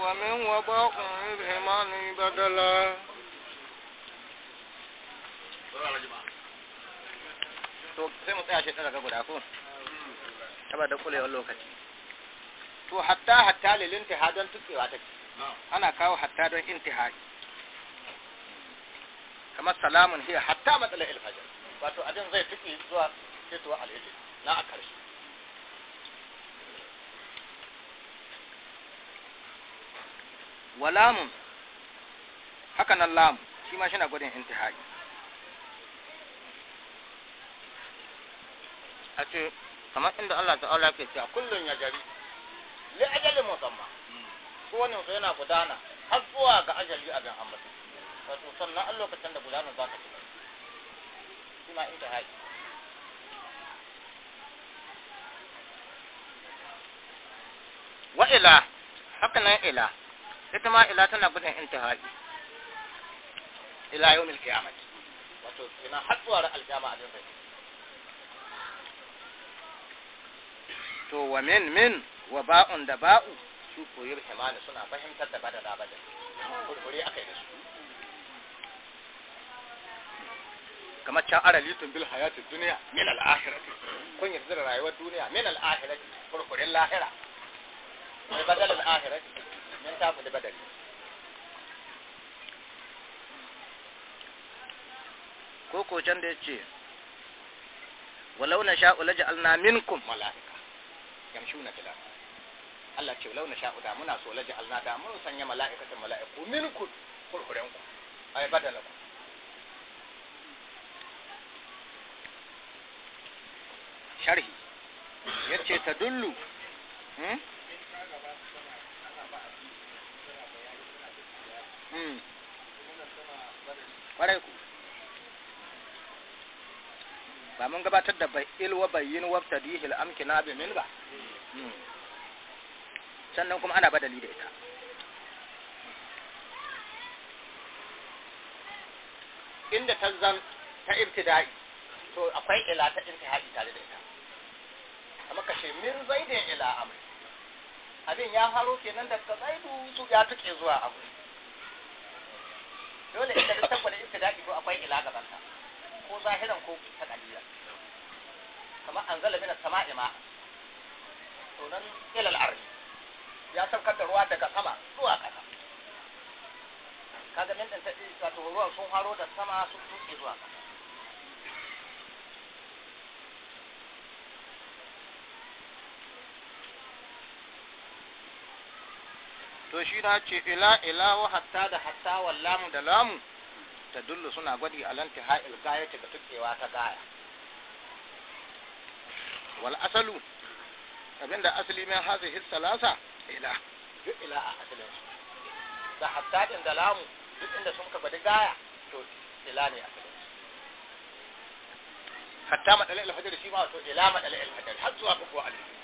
ومن وضاق الهمان بدلا to sai mu tsaya shekara ga guda ko taba da kulewar lokaci to hatta hatta lilinta ha don tutsewa take ana kawo hatta don intihai kamar salamun hiya hatta matsalar ilfajar wato abin zai tuki zuwa fitowa alhijir na a ƙarshe wa lamun haka nan lamu shi ma shina gwadin intihai a ce kamar inda Allah ta'ala ke cewa kullun ya jari li musamma ko kowane so yana gudana har zuwa ga ajali abin ambata wato sannan an lokacin da gudanar za ka ci shi ma intihai wa ila haka nan ila ita ma ila tana gudun intihai ila yau mil qiyamah wato ina har zuwa ran alkiyama abin to wa min min wa ba'un da ba'u su koyar himani suna fahimtar da bada badala badala kurkure yi da su kamar can ara litin bil hayatid duniya min al'ahira kun yi zira rayuwar duniya min al'ahira akhirati kurkurin lahira mai badal al da تابع ko ko can da ya ce walau na sha'u laji alna minkum mala'ika yamshu na fila Allah ce walau na sha'u da muna so laji alna da mun sanya mala'ikatan mala'iku minkum kurkurenku ai badala ku sharhi yace ta dullu hmm? kwarai ku ba mun gabatar da bai'il wa bayyin dihil amki na bi min ba hmm. sannan kuma ana badali da ita inda ta zan ta ibtida'i to akwai ila ta haɗi tare da ita amma kashe min da ila amai. abin ya haro kenan daga zaidu ya tuke zuwa abu dole inda duk saboda ibtida'i ko akwai ila gaban ta ko zahiran ko ta kalila kamar anzala min as-sama'i ma to nan ila al ardh ya saukar da ruwa daga sama zuwa kasa kaga min din ta eh, wato ruwa sun haro da sama sun tuke zuwa kasa to shi na ce ila ilahu hatta da hatta wallamu da lamu ta dullu suna gwadi alanta ha'il gaya ta ga tukewa ta gaya wal asalu abinda asali min hazihi salasa ila duk ila a asalin su da hatta din da lamu duk inda sun ka gwadi gaya to ila ne asalin hatta madalil fajr shi ma to ila madalil fajr har zuwa kuwa alfajr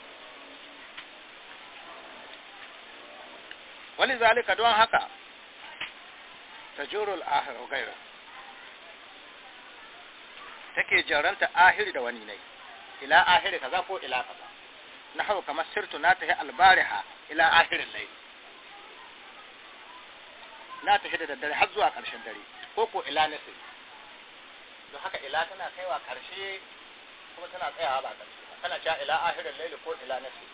ولذلك دون هكا تجور الآخر وغيره تكي جارنت آخر دوانيني إلى آخر كذا فو إلى كذا نحو كما سرت ناته البارحة إلى آخر الليل ناته دا دا حزوا كرشن داري فوقو إلى نسي دو هكا إلى تنا سيوا كرشي كما تنا سيها بعد كرشي فنا جاء إلى آخر الليل فوق إلى نسي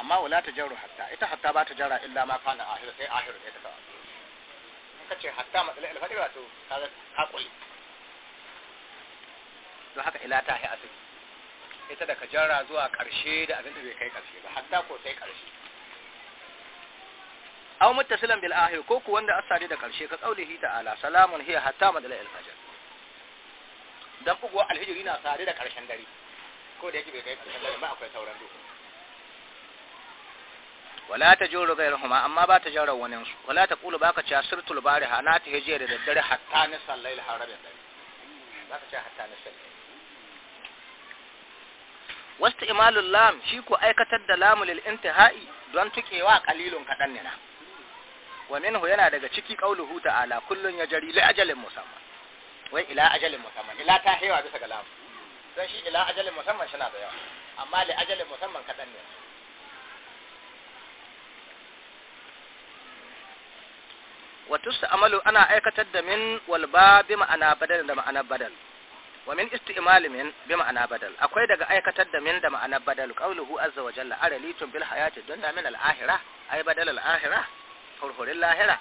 amma wala ta jaru hatta ita hatta ba ta jara illa ma kana ahiru sai ahiru sai ta kawai in ka ce hatta matsala alfadi ba to kaga hakuri don haka ila ta hai asiri. ita daga jara zuwa ƙarshe da abin da zai kai ƙarshe ba hatta ko sai ƙarshe. aw muttasilan bil ahir ko ku wanda asari da ƙarshe, ka qaulihi ta'ala salamun hiya hatta matsala alfajr dan bugu alhijri na sare da ƙarshen dare ko da yake bai kai ƙarshen dare ba akwai sauran duhu ولا تجور غيرهما أما با تجور وننسو ولا تقول باك تشاسرت البارحة أنا تهجير للدر حتى نسى الليل حرب الليل باك تشاسر حتى نسى واستعمال اللام شيكو أي كتد اللام للانتهاء دون تكيوا قليل كدننا ومنه ينا دقا شكي قوله تعالى كل يجري لأجل مسمى وإلى إلى أجل مسمى إلى تاهيوا بسك اللام ذا شي إلى أجل مسمى شنا بيوا أما لأجل مسمى كدننا wa tusta'malu ana aikatar da min walba bi ma'ana badal da ma'ana badal wa min istimali min bi ma'ana badal akwai daga aikatar da min da ma'ana badal qawluhu azza wa jalla aralitun bil hayati dunya min al akhirah ay badal al akhirah hurhuril lahira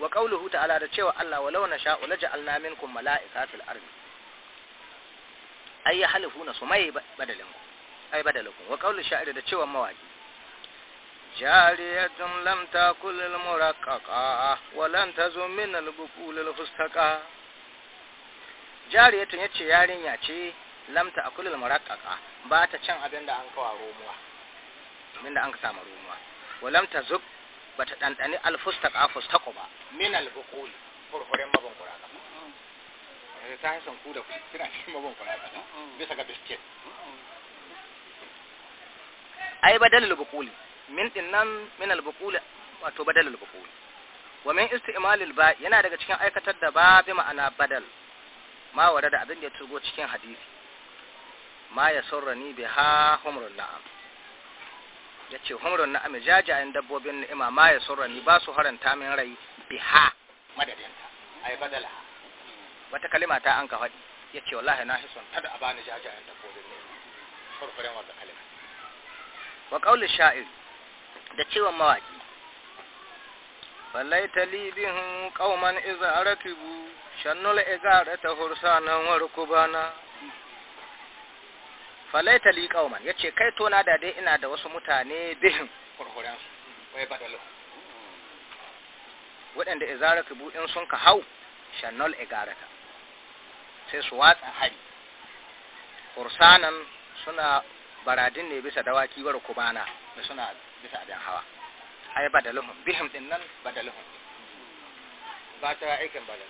wa qawluhu ta'ala da cewa Allah walau na sha'u laj'alna minkum mala'ikatil ardi ay yahlifuna sumay badalinku ay badalakum wa qawlu sha'ir da cewa mawaki جارية لم تأكل المرققة ولن تزم من البقول الفستقة جارية يتشي يارين يتشي لم تأكل المرققة باتا چن أبين دا أنك وروموا من دا أنك سام روموا ولم تزب بتتنتني الفستقة فستقة من البقول فرفرين مبن قراقة ta yi sanku da kira shi mabon kwanaka bisa ga biskit ai badal bukuli min din nan min al wato badal al wa min isti'mal al-ba yana daga cikin aikatar da ba bi ma'ana badal ma wada da abin da ya tugo cikin hadisi ma ya sarrani biha humrun na'am yace humrun na'am jajayen dabbobin ni'ima ma ya sarrani ba su haranta min rai biha madadinta ay badala wata kalima ta an ka faɗi yace wallahi na hison tada a bani jajayen dabbobin ni'ima furfuren wata kalima wa qawli sha'ir da ciwon mawaki ta libihin ƙauman iza arakibu shannul igara ta bana. warkubana ta li kauman ya ce kai tona da dai ina da wasu mutane bihin kurkuren wai waɗanda izara kibu in sun ka hau shannol igarata sai su watsa hari kursanan suna baradin ne bisa dawaki war kubana da suna bisa abin hawa ai badaluhum bihim din nan badaluhum ba ta aikin badal